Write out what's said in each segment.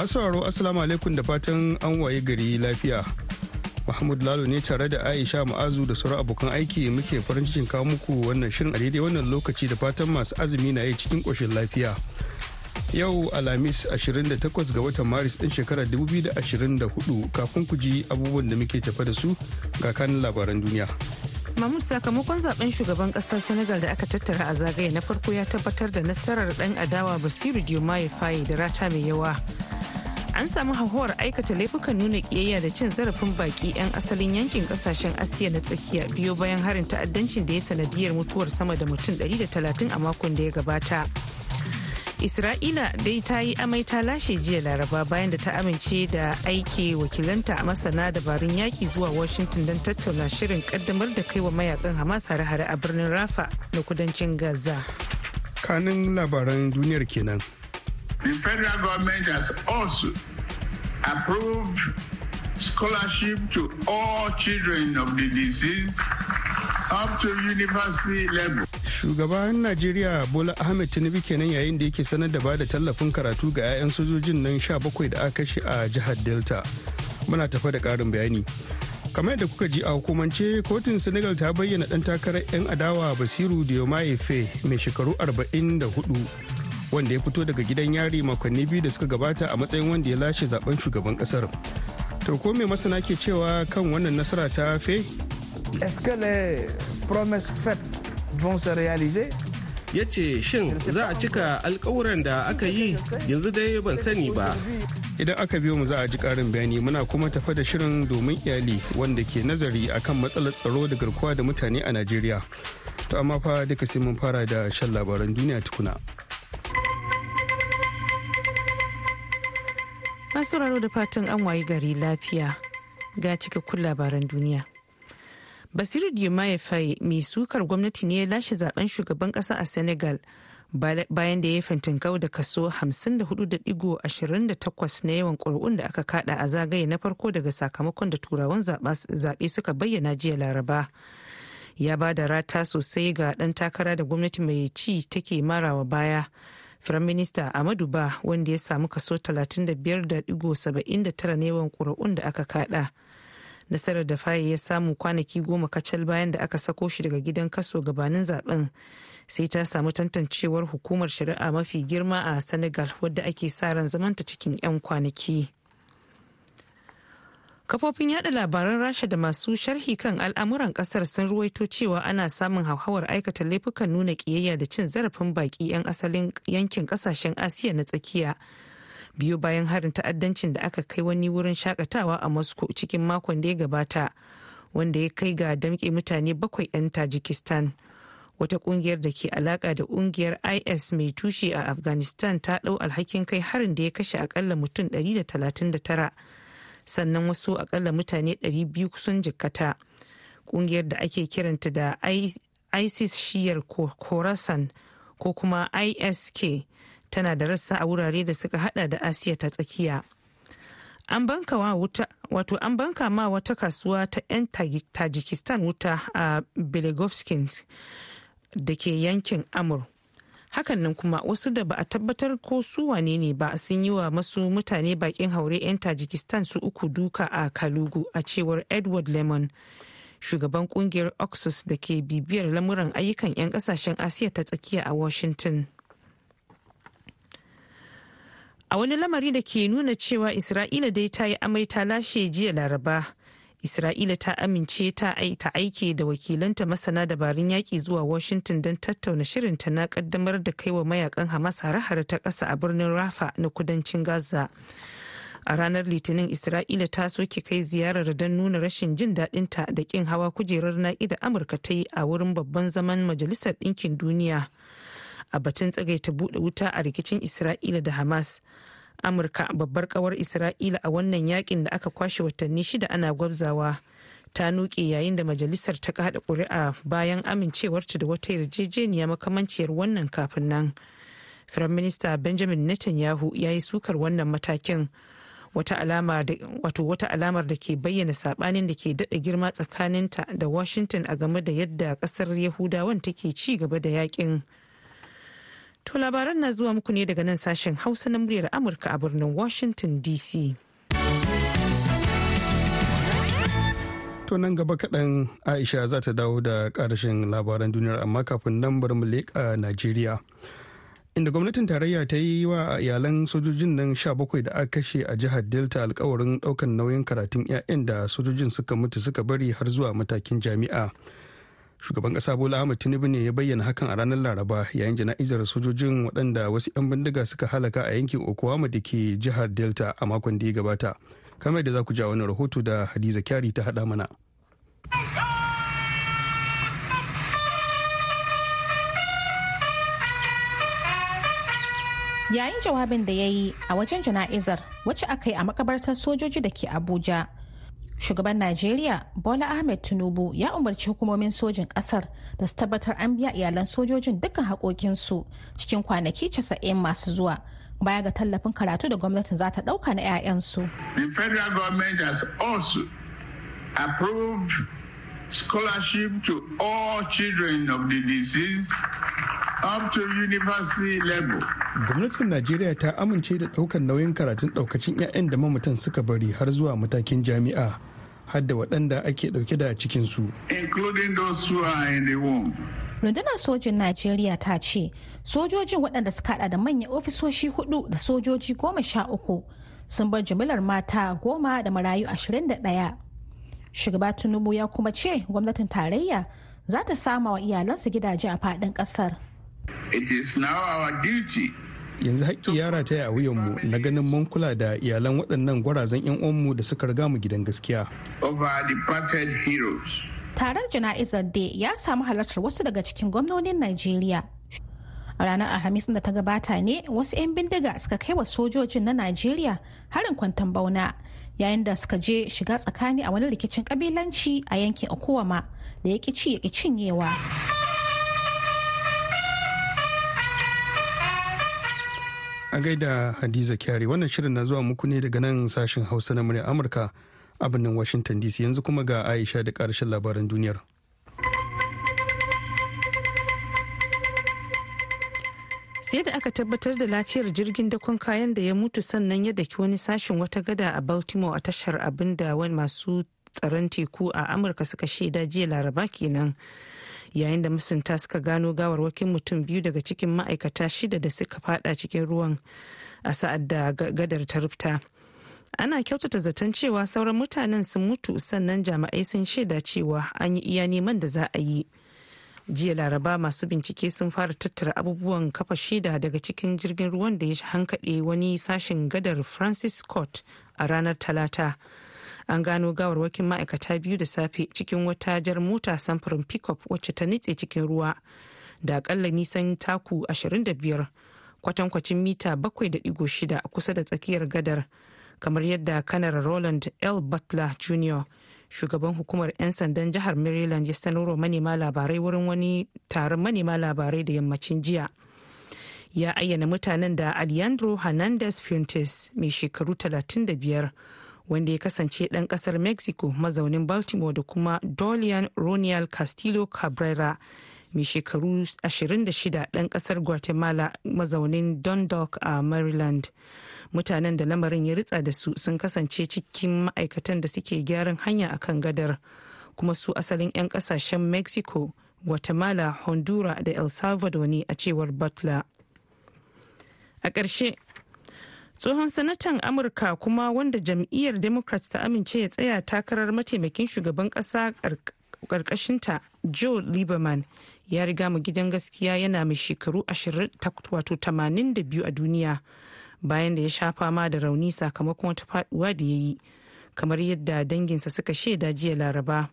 masu sauraro assalamu alaikum da fatan an waye gari lafiya mahmud lalo ne tare da aisha ma'azu da sauran abokan aiki muke farin cikin kawo muku wannan shirin a daidai wannan lokaci da fatan masu azumi na yi cikin ƙoshin lafiya yau alhamis 28 ga watan maris din shekarar 2024 kafin ku ji abubuwan da muke tafa da su ga kanin labaran duniya Mahmud sakamakon zaben shugaban kasar Senegal da aka tattara a zagaye na farko ya tabbatar da nasarar dan adawa Basiru Diomaye Faye da rata mai yawa. an samu hauhawar aikata laifukan nuna kiyayya da cin zarafin baki 'yan asalin yankin kasashen asiya na tsakiya biyo bayan harin ta'addancin da ya sanadiyar mutuwar sama da mutum 130 a makon da ya gabata isra'ila dai ta yi amai ta lashe jiya laraba bayan da ta amince da aiki wakilanta a masana dabarun yaki zuwa washington don tattauna shirin kaddamar da wa mayakan hamas hare-hare a birnin rafa na kudancin gaza kanin labaran duniyar kenan The federal government has also approved scholarship to all children of the disease up to university level. Shugaban Najeriya Bola Ahmed Tinubu kenan yayin da yake sanar da bada tallafin karatu ga 'ya'yan sojojin nan 17 da aka kashe a jihar Delta. Muna tafa da karin bayani. kamar da kuka ji a hukumance kotun senegal ta bayyana dan takarar 'yan adawa basiru diomaye fe mai shekaru 44 wanda ya fito daga gidan yari makonni biyu da suka gabata a matsayin wanda ya lashe zaben shugaban kasar to ko mai masana ke cewa kan wannan nasara ta fe ya ce shin za a cika alkawuran da aka yi yanzu dai ban sani ba idan aka biyo mu za a ji karin bayani muna kuma tafa da shirin domin iyali wanda ke nazari akan matsalar tsaro da garkuwa da mutane a najeriya to amma fa duka sai mun fara da shan labaran duniya tukuna. masu sauraro da fatan an wayi gari lafiya ga cikakkun labaran duniya basiru diomaye faye mai sukar gwamnati ne ya lashe zaben shugaban kasa a senegal bayan da ya yi kau da kaso 54.28 na yawan ƙuri'un da aka kada a zagaye na farko daga sakamakon da turawan zaɓe suka bayyana jiya laraba ya ba da rata sosai ga ɗan takara da gwamnati mai ci take marawa baya Firaminista Amadu Ba wanda ya samu kaso 35.79 ne wan ƙuri'un da aka kada. Nasarar da faye ya samu kwanaki goma kacal bayan da aka sako shi daga gidan kaso gabanin zaben sai ta samu tantancewar hukumar shari'a mafi girma a Senegal wadda ake sa ran zamanta cikin 'yan kwanaki. Kafofin yada labaran Rasha da masu sharhi kan al'amuran kasar sun ruwaito cewa ana samun hauhawar aikata laifukan nuna kiyayya da cin zarafin baki 'yan asalin yankin kasashen Asiya na tsakiya. Biyu bayan harin ta'addancin da aka kai wani wurin shakatawa a Moscow cikin makon da ya gabata, wanda ya kai ga damke mutane bakwai 'yan Tajikistan. Wata kungiyar da ke alaka da kungiyar IS mai tushe a Afghanistan ta ɗau alhakin kai harin da ya kashe akalla mutum 139. sannan wasu akalla mutane 200 sun jikkata kungiyar da ake kiranta da isis shiyar khorasan ko kuma isk tana da rassa a wurare da suka hada da asiya ta tsakiya an banka ma wata kasuwa ta 'yan tajikistan wuta a belegovskins da ke yankin amur hakan nan kuma wasu da ba a tabbatar ko su wane ne ba sun yi wa masu mutane bakin haure 'yan tajikistan su uku duka a kalugu a cewar edward lemon shugaban kungiyar oxus da ke bibiyar lamuran ayyukan 'yan kasashen asiya ta tsakiya a washington a wani lamari da ke nuna cewa isra'ila dai ta yi amai ta lashe jiya laraba Isra'ila ta amince ta aike da wakilanta masana dabarun yaƙi zuwa Washington don tattauna shirinta na kaddamar da kai wa mayakan Hamas hare-hare ta ƙasa a birnin Rafa na kudancin Gaza. A ranar Litinin Isra'ila ta soke kai ziyarar don nuna rashin jin daɗinta da ƙin hawa kujerar naƙi da Amurka ta yi a wurin babban zaman Majalisar Ɗinkin Duniya. A batun tsagaita buɗe wuta a rikicin Isra'ila da Hamas. amurka babbar kawar isra'ila a wannan yakin da aka kwashe watanni shida ana gwabzawa ta nuke yayin da majalisar ta kada kuri'a bayan amincewarta da wata yarjejeniya makamanciyar wannan kafin nan firaminista benjamin netanyahu ya yi sukar wannan matakin wata alamar da ke bayyana sabanin da ke daɗa girma tsakaninta da washington a game da yadda ƙasar yahudawan take ci gaba da yakin. To labaran na zuwa muku ne daga nan sashen Hausa na muryar Amurka a birnin Washington DC. To nan gaba kaɗan Aisha za ta dawo da ƙarashin labaran duniyar amma kafin nan bar mu leƙa Najeriya. Inda gwamnatin tarayya ta yi wa iyalan sojojin nan sha bakwai da aka kashe a jihar Delta alkawarin ɗaukan nauyin karatun 'ya'yan da sojojin suka mutu suka bari har zuwa matakin jami'a. shugaban kasa bola ahmed tinubu ne ya bayyana hakan a ranar laraba yayin jana'izar sojojin waɗanda wasu 'yan bindiga suka halaka a yankin oklahoma da ke jihar delta a makon da ya gabata kamar da za ku ja wani rahoto da hadiza kyari ta haɗa mana yayin jawabin da ya yi a wajen jana'izar wacce aka yi a makabartar sojoji da ke abuja shugaban najeriya bola ahmed tinubu ya umarci hukumomin sojin kasar da su tabbatar an biya iyalan sojojin dukkan haƙoƙinsu cikin kwanaki 90 masu zuwa baya ga tallafin karatu da gwamnatin za ta ɗauka na 'ya'yansu. the federal government has also approved scholarship to all children of the deceased up to university level. gwamnatin najeriya ta amince da ɗaukar nauyin karatun ɗaukacin 'ya'yan da mamatan suka bari har zuwa matakin jami'a har da waɗanda ake ɗauke da cikinsu rundunar sojin najeriya ta ce sojojin waɗanda suka hada da manyan ofisoshi hudu da sojoji goma sha uku sun bar jimilar mata goma da marayu ashirin da ɗaya shugaba tinubu ya kuma ce gwamnatin tarayya za ta sama wa iyalansa gidaje a faɗin ƙasar Yanzu haƙƙi ya rataya a wuyanmu na ganin mun kula da iyalan waɗannan gwarazan 'yan uwanmu da suka riga mu gidan gaskiya. tarar jana'izar dai ya samu halartar wasu daga cikin gwamnonin Najeriya. A ranar Alhamis da ta gabata ne wasu 'yan bindiga suka kai wa sojojin na Najeriya harin kwantan bauna yayin da suka je shiga tsakani a wani rikicin kabilanci a yankin Okuwama da ya ci ya cinyewa. a gaida hadiza kyari wannan shirin na zuwa muku ne daga nan sashen hausa na murya amurka a birnin washington dc yanzu kuma ga aisha da karshen labaran duniyar sai da aka tabbatar da lafiyar jirgin dakon kayan da ya mutu sannan ya daki wani sashen wata gada a baltimore a tashar abin da masu tsaron teku a amurka suka shaida jiya laraba kenan yayin da masunta suka gano gawarwakin mutum biyu daga cikin ma'aikata shida da suka fada cikin ruwan a sa'ad da gadar ta rufta ana kyautata zaton cewa sauran mutanen sun mutu sannan jami'ai sun shaida cewa an yi iya neman da za a yi jiya laraba masu bincike sun fara tattara abubuwan kafa shida daga cikin jirgin ruwan da ya hankaɗe wani sashen gadar francis scott a ranar talata an gano gawarwakin ma'aikata biyu da safe cikin wata jar mota samfurin pickup wacce ta nitse cikin ruwa da akalla nisan taku 25 kwatankwacin mita 7.6 kusa da tsakiyar gadar kamar yadda kanar roland l butler jr shugaban hukumar 'yan sandan jihar maryland ya sanarwa manema labarai wurin wani taron manema labarai da yammacin jiya ya ayyana mutanen da alejandro hernandez fuentes mai shekaru 35 wanda ya kasance ɗan ƙasar mexico mazaunin baltimore da kuma dolian ronial castillo cabrera mai shekaru 26 ɗan ƙasar guatemala mazaunin dundalk a maryland mutanen da lamarin ya ritsa da su sun kasance cikin ma'aikatan da suke gyaran hanya a kan gadar kuma su asalin 'yan ƙasashen mexico guatemala hondura da el salvador ne a cewar butler a ƙarshe tsohon sanatan amurka kuma wanda jam'iyyar democrats ta amince ya tsaya takarar mataimakin shugaban kasa karkashinta joe lieberman ya riga mu gidan gaskiya yana mai shekaru 82 a duniya bayan da ya sha fama da rauni sakamakon wata faduwa da ya yi kamar yadda danginsa suka shaida jiya laraba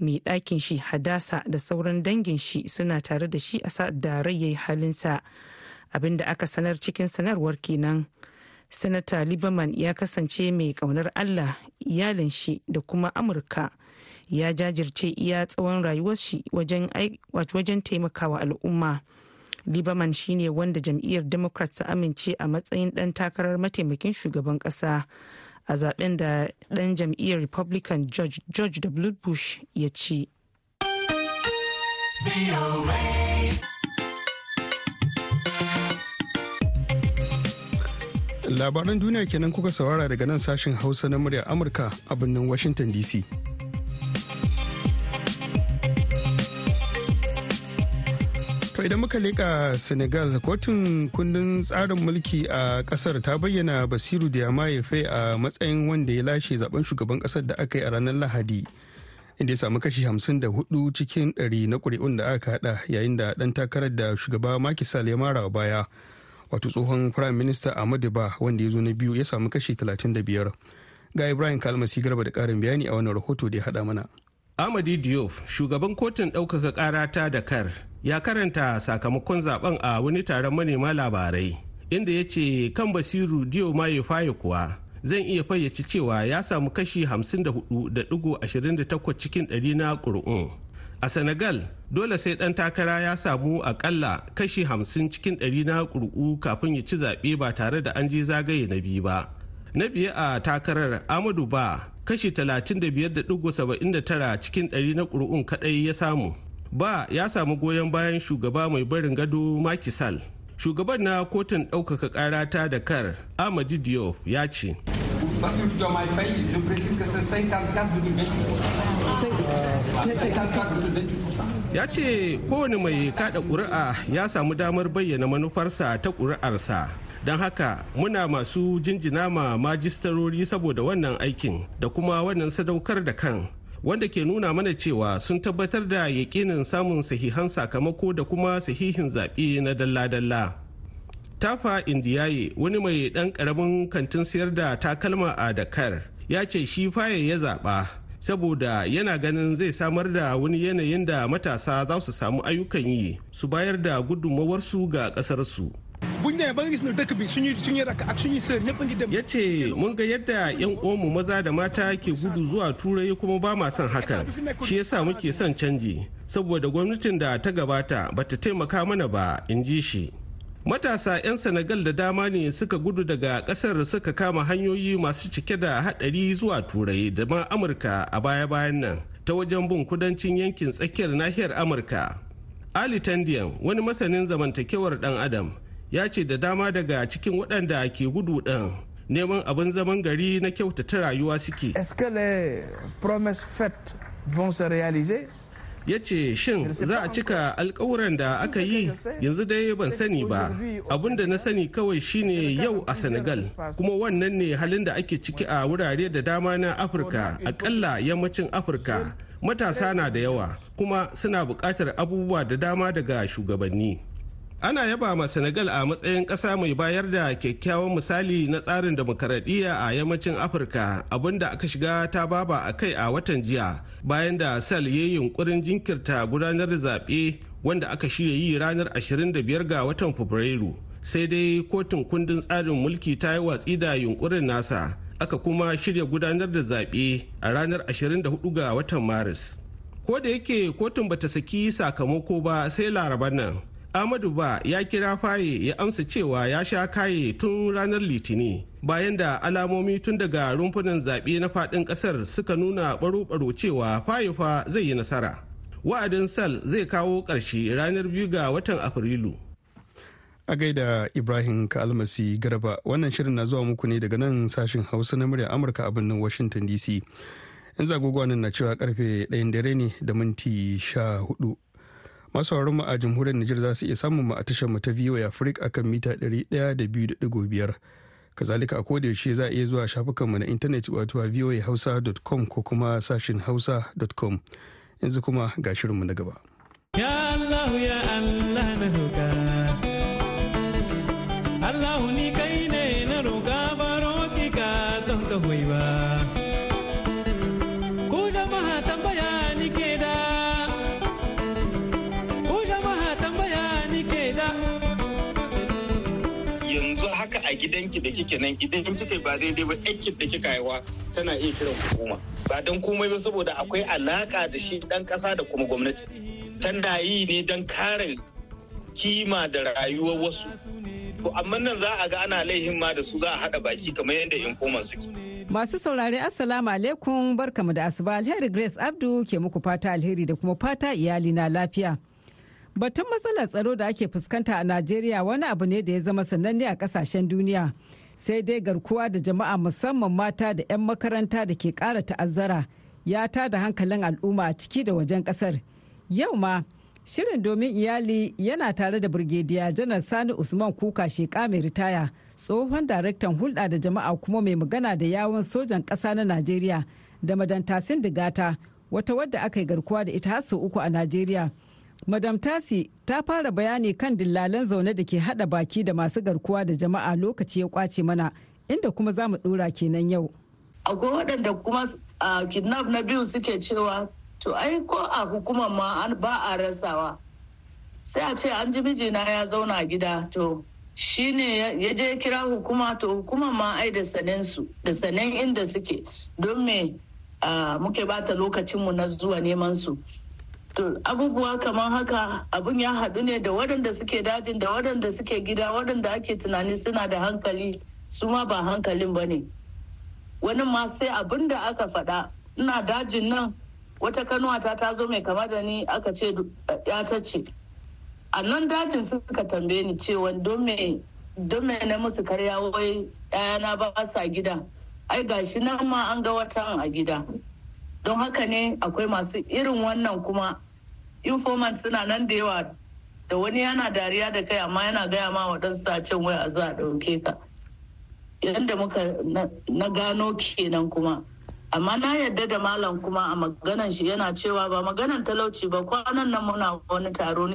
mai ɗakin shi hadasa da sauran dangin shi suna tare da shi a da rai yayi halinsa abinda aka sanar cikin sanarwar kenan sanata liberman ya kasance mai kaunar allah iyalin shi da kuma amurka ya jajirce iya tsawon rayuwar shi wajen taimakawa al'umma liberman shine wanda jam'iyyar democrat ta amince a matsayin dan takarar mataimakin shugaban kasa a zaben da dan jam'iyyar republican george, george w bush ya ce. labaran duniya kenan kuka saurara daga nan sashen hausa na muryar amurka a birnin washington dc to idan muka leka senegal kotun kundin tsarin mulki a kasar ta bayyana basiru da ya fai a matsayin wanda ya lashe zaben shugaban kasar da aka yi a ranar lahadi inda ya samu kashi 54 cikin 100 na ƙuri'un da aka hada yayin da ɗan takarar da shugaba makisal ya mara baya wato tsohon prime minister ahmadu ba wanda ya zo na biyu ya samu kashi 35 ga ibrahim kalmasi garba da karin bayani a wannan rahoto da ya hada mana amadi diop shugaban kotun daukaka kara ta dakar ya karanta sakamakon zaben a wani taron manema labarai inda ya ce kan basiru diyo maye faye kuwa zan iya fayyace cewa ya samu kashi 54.28 cikin ɗari na ƙuri'un a senegal dole sai ɗan takara ya samu akalla kashi hamsin cikin ɗari na ƙuri'u kafin ya ci zaɓe ba tare da an je zagaye na biyu ba na biye a takarar amadu ba kashi 35.79 cikin ɗari na ƙuri'un kaɗai ya samu ba ya samu goyon bayan shugaba mai barin gado makisal shugaban na kotun ɗaukaka ƙara ta da kar amadu diop ya ce ya ce kowane mai kada ƙuri'a ya samu damar bayyana manufarsa ta ƙuri'arsa don haka muna masu jinjina ma majistarori saboda wannan aikin da kuma wannan sadaukar da kan wanda ke nuna mana cewa sun tabbatar da yakinin samun sahihan sakamako da kuma sahihin zaɓe na dalla-dalla tafa indiyaye wani mai ɗan ƙaramin kantin sayar da takalma a dakar ya ce shi faye ya zaɓa saboda yana ganin zai samar da wani yanayin da matasa za su samu ayyukan yi su bayar da gudunmawarsu ga ƙasarsu. ya ce mun ga yadda 'yan omu maza da mata ke gudu zuwa turai kuma ba ma son hakan shi yasa muke son canji saboda gwamnatin da ta gabata bata taimaka mana ba in ji shi matasa 'yan senegal da dama ne suka gudu daga kasar suka kama hanyoyi masu cike da hadari zuwa turai da ma amurka a baya-bayan nan ta wajen bin kudancin yankin tsakiyar nahiyar amurka ali tandiyan wani masanin zamantakewar dan adam ya ce da dama daga cikin waɗanda ke gudu ɗin neman abin zaman gari na kyautata rayuwa suke. est-ce que les promesses ya ce shin za a cika alkawuran da aka yi yanzu dai ban sani ba abin da na sani kawai shine yau a senegal kuma wannan ne halin da ake ciki a wurare da dama na afirka akalla yammacin afirka matasa na da yawa kuma suna buƙatar abubuwa da dama daga shugabanni ana yaba ma senegal a matsayin ƙasa mai bayar da kyakkyawan misali na tsarin demokaradiyya a yammacin afirka abinda aka shiga ta baba a kai a watan jiya bayan da sel ya yi yunkurin jinkirta gudanar da zaɓe wanda aka shirya yi ranar 25 ga watan fabrairu sai dai kotun kundin tsarin mulki ta yi watsi da yunkurin nasa aka kuma shirya gudanar da zaɓe a ranar 24 ga watan maris ko da yake kotun bata saki sakamako ba sai laraban nan amadu ba ya kira faye ya amsa cewa ya sha kaye tun ranar litini bayan da alamomi tun daga rumfunan zaɓe na faɗin ƙasar suka nuna baro cewa fayifa zai yi nasara wa'adin sal zai kawo ƙarshe ranar biyu ga watan afrilu a gaida ibrahim kalmasi garba wannan shirin na zuwa muku ne daga nan sashen hausa na murya amurka a birnin washington dc in zagogwa nan na cewa karfe ɗayan dare ne da minti sha hudu masu mu a jamhuriyar niger za su iya samun mu a tashar mu ta voa africa akan mita ɗari ɗaya da biyu da ɗigo biyar kazalika a kodayaushe za a iya zuwa shafukanmu na intanet wato voahausa.com ko kuma sashin hausa.com yanzu kuma ga shirinmu na gaba ya Allah ya Allah na Allah ni gidanki da kike nan idan kika ba daidai ba da kika haihuwa tana iya kiran hukuma ba don komai ba saboda akwai alaka da shi dan kasa da kuma gwamnati tana yi ne don kare kima da rayuwar wasu to amma nan za a ga ana laihin ma da su za a hada baki kamar yadda koma suke Masu saurare Assalamu alaikum barkamu da asuba alheri Grace Abdu ke muku fata alheri da kuma fata iyali na lafiya. Batun matsalar tsaro da ake fuskanta a Najeriya wani abu ne da ya zama sananne a kasashen duniya. Sai dai garkuwa da jama'a musamman mata da 'yan makaranta da ke kara ta'azzara ya ta da hankalin al'umma a ciki da wajen ƙasar. Yau ma, shirin domin iyali yana tare da Birgediya Janar Sani Usman Kuka Sheka mai ritaya, tsohon daraktan hulɗa da jama'a kuma mai magana da yawon sojan ƙasa na Najeriya da madantasin digata wata wadda aka yi garkuwa da ita har sau uku a Najeriya. madam tasi ta fara bayani kan dillalan zaune da ke hada baki da masu garkuwa da jama'a lokaci ya kwace mana inda kuma za mu dora kenan yau akwai waɗanda kuma kidnap na biyu suke cewa to ai ko a hukumar ma ba a rasawa sai a ce an ji mijina ya zauna gida to shi ne ya je kira hukuma to hukuma ma ai da sanen su da sanen inda suke don me muke bata lokacinmu na zuwa neman su abubuwa kamar haka abin ya haɗu ne da waɗanda suke dajin da waɗanda suke gida waɗanda ake tunani suna da hankali su ma ba hankalin ba ne. Wani ma sai abin da aka faɗa ina dajin nan wata kanuwata ta zo mai kama da ni aka ce ya ta ce. A nan dajin suka tambaye ni cewa don me na musu karya wai ɗayana ba sa gida. Ai gashi nan ma an ga watan a gida. Don haka ne akwai masu irin wannan kuma informant suna nan da yawa da wani yana dariya da kai amma yana gaya ma waɗansu a can waya za a ɗauke ka yadda muka na gano kenan kuma amma na yadda da malam kuma a maganan shi yana cewa ba maganan talauci ba kwanan nan muna wani taro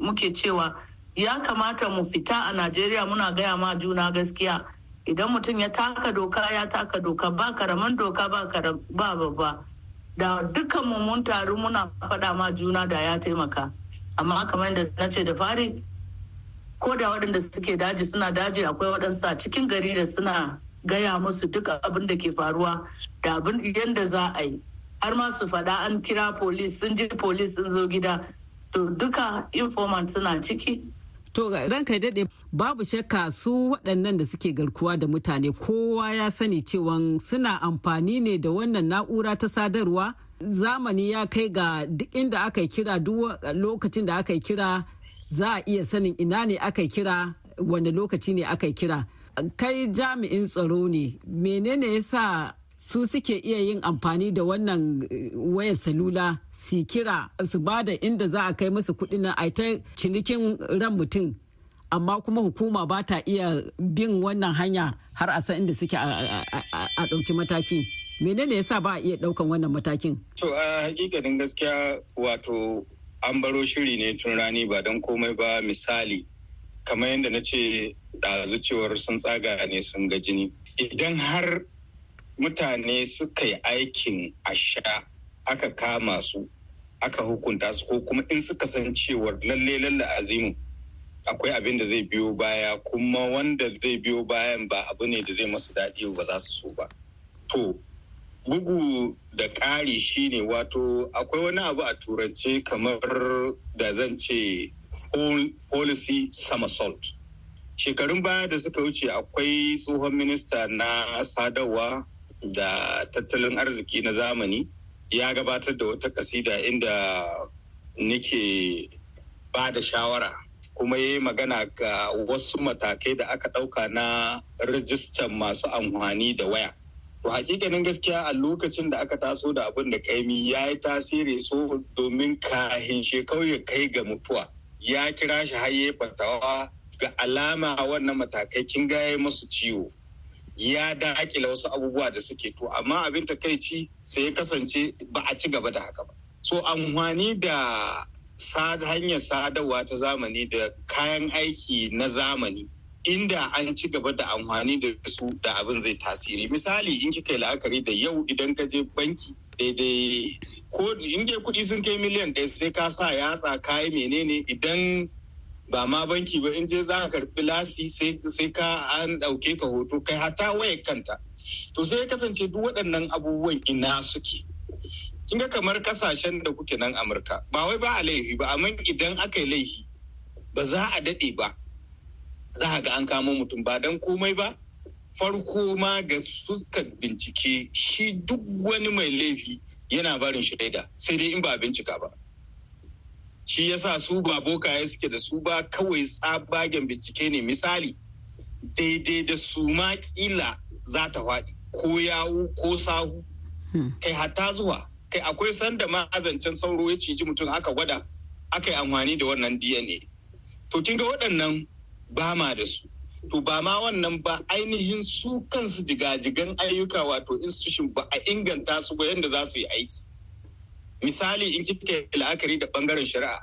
muke cewa ya kamata mu fita a najeriya muna gaya ma juna gaskiya idan mutum ya taka doka ya taka doka ba karaman doka ba ba ba da dukkan mun taru muna faɗa ma juna da ya taimaka amma kamar da na ce da fari ko da waɗanda suke daji suna daji akwai waɗansa cikin gari da suna gaya musu duk abin da ke faruwa da abin yadda za a yi har ma su faɗa an kira polis sun ji polis sun zo gida to duka informant suna ciki To ranka daɗe babu shakka su waɗannan da suke garkuwa da mutane kowa ya sani cewa suna amfani ne da wannan na'ura ta sadarwa zamani ya kai ga duk inda aka kira duk lokacin da aka kira za a iya sanin ina ne aka kira wanda lokaci ne aka kira. Kai jami'in tsaro ne menene yasa su suke iya yin amfani da wannan eh, wayar salula su kira su bada inda za a kai musu kudi na a ta cinikin ran mutum amma kuma hukuma ba ta iya bin wannan hanya har a san inda suke a ɗauki mataki menene yasa ba a iya ɗaukan wannan matakin to a hakikanin gaskiya wato an baro shiri ne tun rani ba don komai ba misali kamar yadda na ce da zuciwar sun tsaga ne sun ga jini idan har mutane suka yi aikin asha aka kama su aka hukunta su ko kuma in suka san cewar lalle lalle azimu akwai abin da zai biyo baya kuma wanda zai biyo bayan ba abu ne da zai masu daɗi ba za su so ba to bugu da ƙari shine wato akwai wani abu a turance kamar da zan ce policy somersault shekarun baya da suka wuce akwai tsohon minista na sadarwa da tattalin arziki na zamani ya gabatar da wata kasida inda nake ba da shawara kuma ya yi magana ga wasu matakai da aka ɗauka na rijistan masu amfani da waya. To hakikanin gaskiya a lokacin da aka taso da abin da kaimi ya yi tasiri so domin kahin shekau ya kai ga mutuwa ya kira shi haye fatawa ga alama wannan matakai kin gaya masu ciwo. ya daƙila wasu abubuwa da suke to amma abin ta takaici sai ya kasance ba a ci gaba da haka ba so amfani da hanyar sadarwa ta zamani da kayan aiki na zamani inda an ci gaba da amfani da su da abin zai tasiri misali in kika yi la'akari da yau idan ka je banki daidai ko in kudi kuɗi sun kai miliyan ɗaya sai ka sa yatsa kayi menene idan ba ma banki ba in je za ka karbi lasi sai ka an dauke ka hoto kai hata waya kanta to sai ya kasance duk waɗannan abubuwan ina suke kin ga kamar kasashen da kuke nan amurka ba wai ba a laifi ba amma idan aka yi laifi ba za a daɗe ba za a ga an kama mutum ba dan komai ba farko ma ga suka bincike shi duk wani mai laifi yana barin shaida sai dai in ba a bincika ba shi yasa su ba bokaye suke da su ba kawai tsabagen bincike ne misali daidai da su ma kila za ta faɗi ko yawu ko sahu hmm. kai hata zuwa kai akwai sanda ma azancen sauro ya ciji mutum aka gwada aka yi amfani da wannan dna to kin ga waɗannan ba ma da su to ba ma wannan ba ainihin su kansu jigajigan ayyuka wato institution ba a inganta su ba yadda za su yi aiki misali in kika la'akari da bangaren shari'a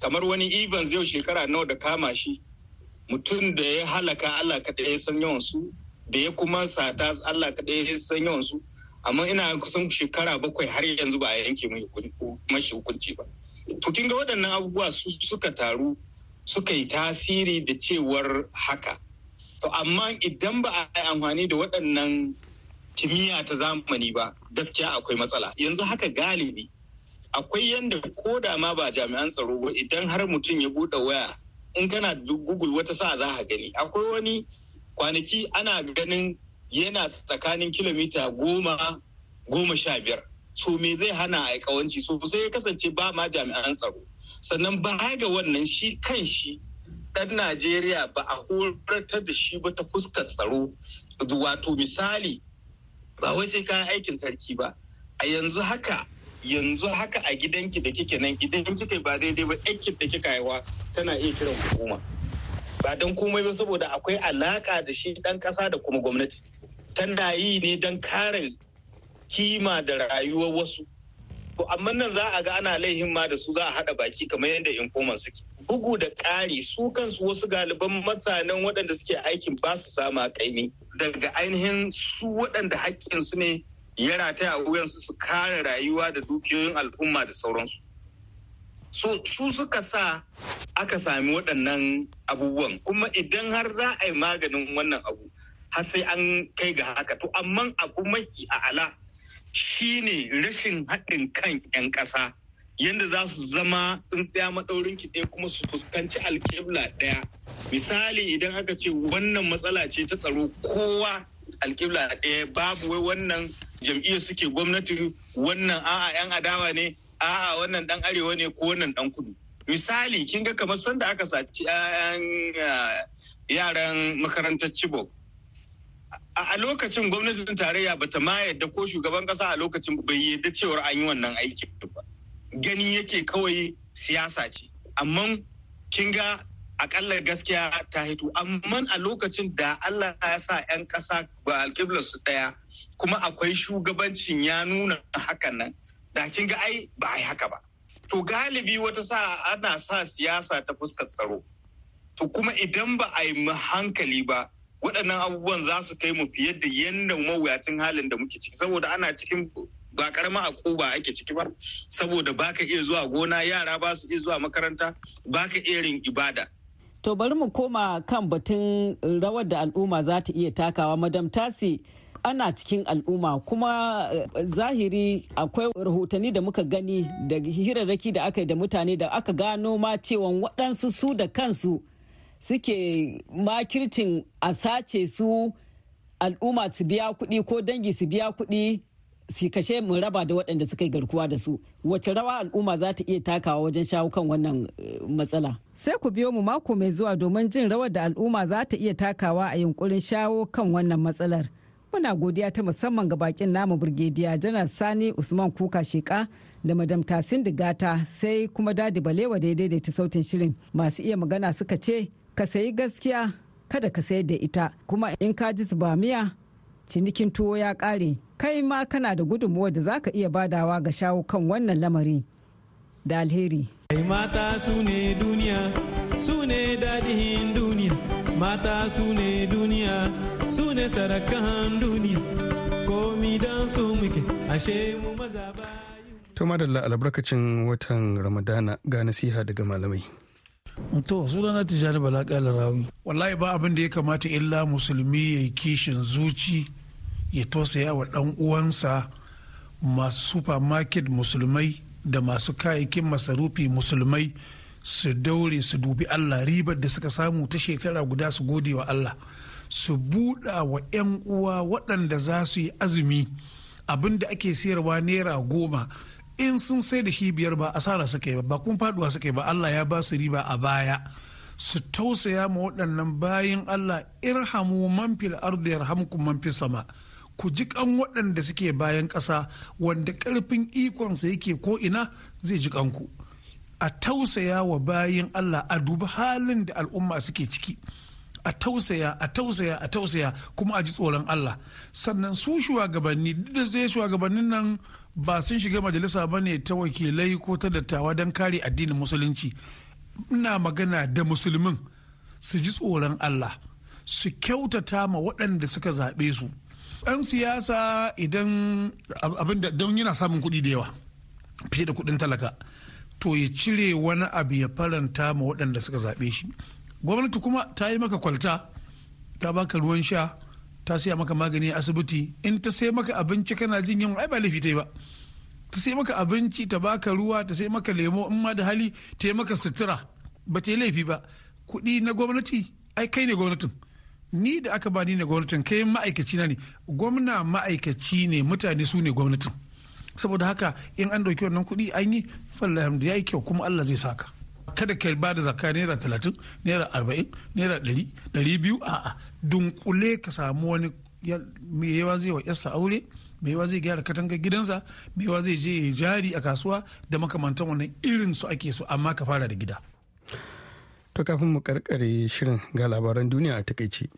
kamar wani evans yau shekara nawa da kama shi mutum da ya halaka allah kaɗai ya san yawan su da ya kuma sata allah kaɗai ya san yawan su amma ina kusan shekara bakwai har yanzu ba a yanke mashi hukunci ba to kin ga waɗannan abubuwa su suka taru suka yi tasiri da cewar haka to amma idan ba a yi amfani da waɗannan kimiyya ta zamani ba gaskiya akwai matsala yanzu haka galibi akwai yadda ko da ma ba jami'an tsaro ba idan har mutum ya buɗe waya in kana google wata sa za ka gani akwai wani kwanaki ana ganin yana tsakanin kilomita goma goma sha biyar so me zai hana a kawanci so sai ya kasance ba ma jami'an tsaro sannan baya ga wannan shi kan shi ɗan najeriya ba a horatar da shi ba ta fuskar tsaro wato misali ba wai sai kayan aikin sarki ba a yanzu haka yanzu haka a gidanki da kike nan idan kika ba daidai ba yakin da kika haihuwa tana iya kiran hukuma ba don komai ba saboda akwai alaka da shi dan kasa da kuma gwamnati tana yi ne don kare kima da rayuwar wasu to amma nan za a ga ana laihin ma da su za a hada baki kamar yadda informan suke bugu da ƙari su kansu wasu galiban mutanen waɗanda suke aikin ba su sama kaimi daga ainihin su waɗanda haƙƙinsu ne ya rataya a wuyansu su kare rayuwa da dukiyoyin al'umma da sauransu so su suka sa aka sami waɗannan abubuwan kuma idan har za a yi maganin wannan abu har sai an kai ga haka to amma abu mafi ala shine rashin haɗin kan 'yan ƙasa yadda za su zama tsintsiya maɗaurin kiɗe kuma su fuskanci alkebla ɗaya misali idan aka ce wannan matsala ce ta tsaro kowa alƙibla ɗaya babu wai wannan jam'iyyar suke gwamnati wannan a'a 'yan adawa ne a'a wannan dan arewa ne ko wannan dan kudu misali kin ga kamar sanda aka saci yaran makarantar chibok a lokacin gwamnatin tarayya bata ma yadda ko shugaban kasa a lokacin bai yadda cewar an yi wannan aikin ba gani yake kawai siyasa ce amma kin ga akalla gaskiya ta hito amma a lokacin da Allah ya sa 'yan ƙasa ba alƙibla su ɗaya kuma akwai shugabancin ya nuna hakan nan da kin ga ai ba yi haka ba to galibi wata sa ana sa siyasa ta fuskar tsaro to kuma idan ba a yi mu hankali ba waɗannan abubuwan za su kai mu fiye da yadda mawuyacin halin da muke ciki saboda ana cikin ba karama a kuba ake ciki ba saboda baka iya zuwa gona yara ba su iya zuwa makaranta baka iya yin ibada To bari mu koma kan batun rawar da al'umma za ta iya takawa madam tasi ana cikin al'umma kuma eh, zahiri akwai rahotanni da muka gani da hirarraki da aka yi da mutane da aka gano ma cewa waɗansu su da kansu suke makircin a sace su al'umma su biya kuɗi ko dangi su biya kuɗi si kashe mu raba da waɗanda suka yi garkuwa da su wace rawa al'umma za ta iya takawa wajen shawo kan wannan eh, matsala sai ku biyo mu mako mai zuwa domin jin rawar da al'umma za ta iya takawa a yunkurin shawo kan wannan matsalar muna godiya ta musamman ga bakin namu birgediya janar sani usman kuka sheka da madam tasin digata sai kuma dadi balewa da ta sautin shirin masu iya magana suka ce ka sayi gaskiya kada ka sayar da ita kuma in ka ji miya cinikin tuwo ya ƙare kai ma kana da gudunmuwa da za ka iya badawa ga shawo kan wannan lamari da alheri. Kai mata su ne duniya, su ne daɗin duniya, mata su ne duniya, su ne sarakan duniya, komi don su muke, ashe mu maza ba. To madalla albarkacin watan Ramadana ga nasiha daga malamai. to sunana tijjani bala rawi wallahi ba abin da ya kamata illa musulmi ya yi kishin zuci ya tausaya wa dan uwansa masu supermarket musulmai da masu kayayyakin masarufi musulmai su daure su dubi allah ribar da suka samu ta shekara guda su gode wa allah su buɗa wa 'yan uwa waɗanda za su yi azumi abin da ake sayarwa naira goma in sun sai da shi biyar ba asara suka yi ba kun faduwa suka yi ba Allah ya ba su riba a baya su tausaya ma waɗannan bayan Allah irhamu man fil ardi yarhamkum man fis sama ku ji kan waɗanda suke bayan ƙasa wanda ƙarfin sa yake ko ina zai ji kanku a tausaya wa bayin Allah a dubi halin da al'umma suke ciki a tausaya a tausaya a tausaya kuma a ji tsoron Allah sannan su shugabanni duk da shugabannin nan ba sun shiga majalisa ba ne ta wakilai ko ta dattawa don kare addinin musulunci ina magana da musulmin su ji tsoron allah su kyautata ma waɗanda suka zaɓe su ɗan siyasa idan abin da don yana samun kuɗi da yawa fiye da kuɗin talaka to ya cire wani abu ya faranta ma waɗanda suka zaɓe shi gwamnati kuma ta yi maka kwalta ta baka ruwan sha ta siya maka magani a asibiti in ta sai maka abinci kana jin yunwa ai ba laifi ta yi ba ta sai maka abinci ta baka ruwa ta sai maka lemo in ma da hali ta yi maka sutura ba ta yi laifi ba kuɗi na gwamnati ai kai ne gwamnatin ni da aka ba ni ne gwamnatin kai ma'aikaci na ne gwamna ma'aikaci ne mutane su ne gwamnatin saboda haka in an ɗauki wannan kuɗi an yi fallahamdu ya yi kyau kuma allah zai saka kada ka ba da zakka naira talatin naira arba'in naira ɗari ɗari biyu a'a dunkule ka samu wani yawa zai wa yarsa aure yawa zai gyara katangar gidansa yawa zai je ya jari a kasuwa da makamantan wannan irin su ake so amma ka fara da gida to kafin mu karkare shirin ga labaran duniya a takaice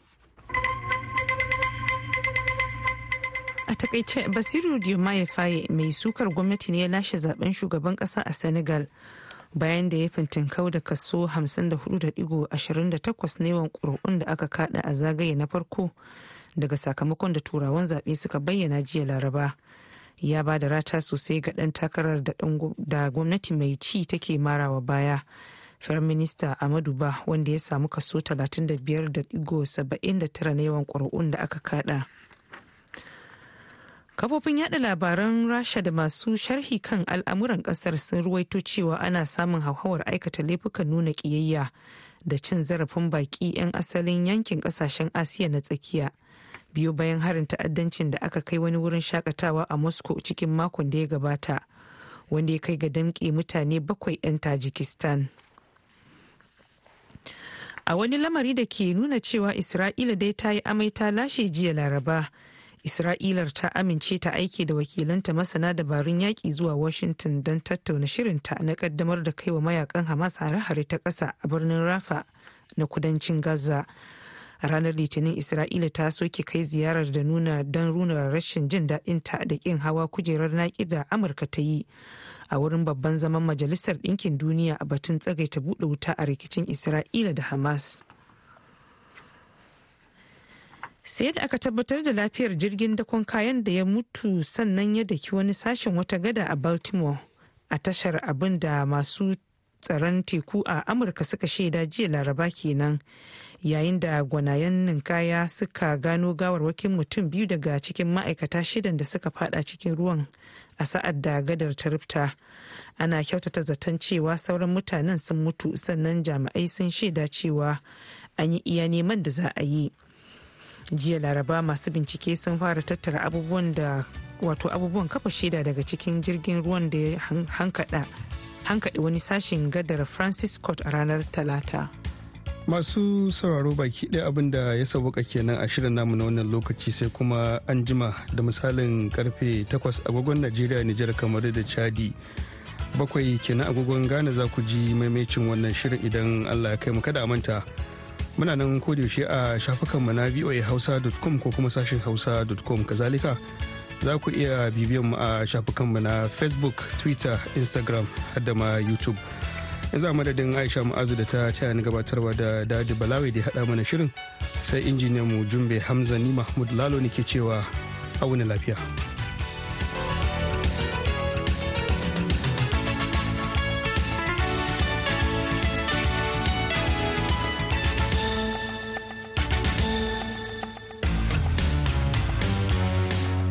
a takaice basiru diomaye faye mai sukar gwamnati ne ya lashe zaben shugaban kasa a senegal bayan da ya fintinkau da kaso 54.28 na yawan ƙuri'un da aka kada a zagaye na farko daga sakamakon da turawan zaɓe suka bayyana jiya laraba ya ba da rata sosai ga ɗan takarar da gwamnati mai ci take mara wa baya firaminista amadu ba wanda ya samu kaso 35.79 na yawan ƙuri'un da aka kada. Kafofin yada labaran Rasha da masu sharhi kan al'amuran kasar sun ruwaito cewa ana samun hauhawar aikata laifukan nuna ƙiyayya da cin zarafin baƙi 'yan asalin yankin ƙasashen Asiya na tsakiya. Biyo bayan harin ta'addancin da aka kai wani wurin shakatawa a Moscow cikin makon da ya gabata, wanda ya kai ga damƙe mutane bakwai 'yan Tajikistan. A wani lamari da ke nuna cewa Isra'ila dai ta yi amai ta lashe jiya Laraba. Isra'ilar ta amince ta aiki da wakilanta masana dabarun yaƙi zuwa Washington don tattauna shirinta na ƙaddamar da kaiwa mayakan Hamas hare-hare ta ƙasa a birnin Rafa na kudancin Gaza. A ranar Litinin Isra'ila ta soke kai ziyarar da nuna don runa rashin jin daɗin ta da ƙin hawa kujerar naƙi da Amurka ta yi a wurin babban zaman Majalisar Ɗinkin Duniya a batun tsagaita buɗe wuta a rikicin Isra'ila da Hamas. sai da aka tabbatar da lafiyar jirgin dakon kayan da ya mutu sannan ya daki wani sashen wata gada a baltimore a tashar abin da masu tsaron teku a amurka suka shaida jiya laraba kenan yayin da gwanayen ninkaya suka gano gawarwakin mutum biyu daga cikin ma'aikata shidan da suka fada cikin ruwan a sa'ad da gadar ta rufta ana kyautata zaton cewa sauran mutanen sun mutu sannan jami'ai sun shaida cewa an yi iya neman da za a yi jiya laraba masu bincike sun fara tattara abubuwan da wato abubuwan kafa shida daga cikin jirgin ruwan da ya hankada hankadi wani sashen gadar francis scott a ranar talata masu sauraro baki ɗaya abin da ya sabuka kenan a shirin namu na wannan lokaci sai kuma an jima da misalin karfe 8 agogon najeriya nijar kamar da chadi bakwai kenan agogon ghana za ku ji maimacin wannan shirin idan allah ya kai mu kada a manta muna nan yaushe a shafukan shafukanmu na hausa.com ko kuma sashin hausa.com kazalika za ku iya bibiyan mu a shafukanmu na facebook twitter instagram da ma youtube yanzu a madadin aisha ma'azu da ta taya ni gabatarwa da dadi balawai da ya haɗa mana shirin sai injiniyan mu jumbe hamza ni mahmud lalo ne ke cewa a auna lafiya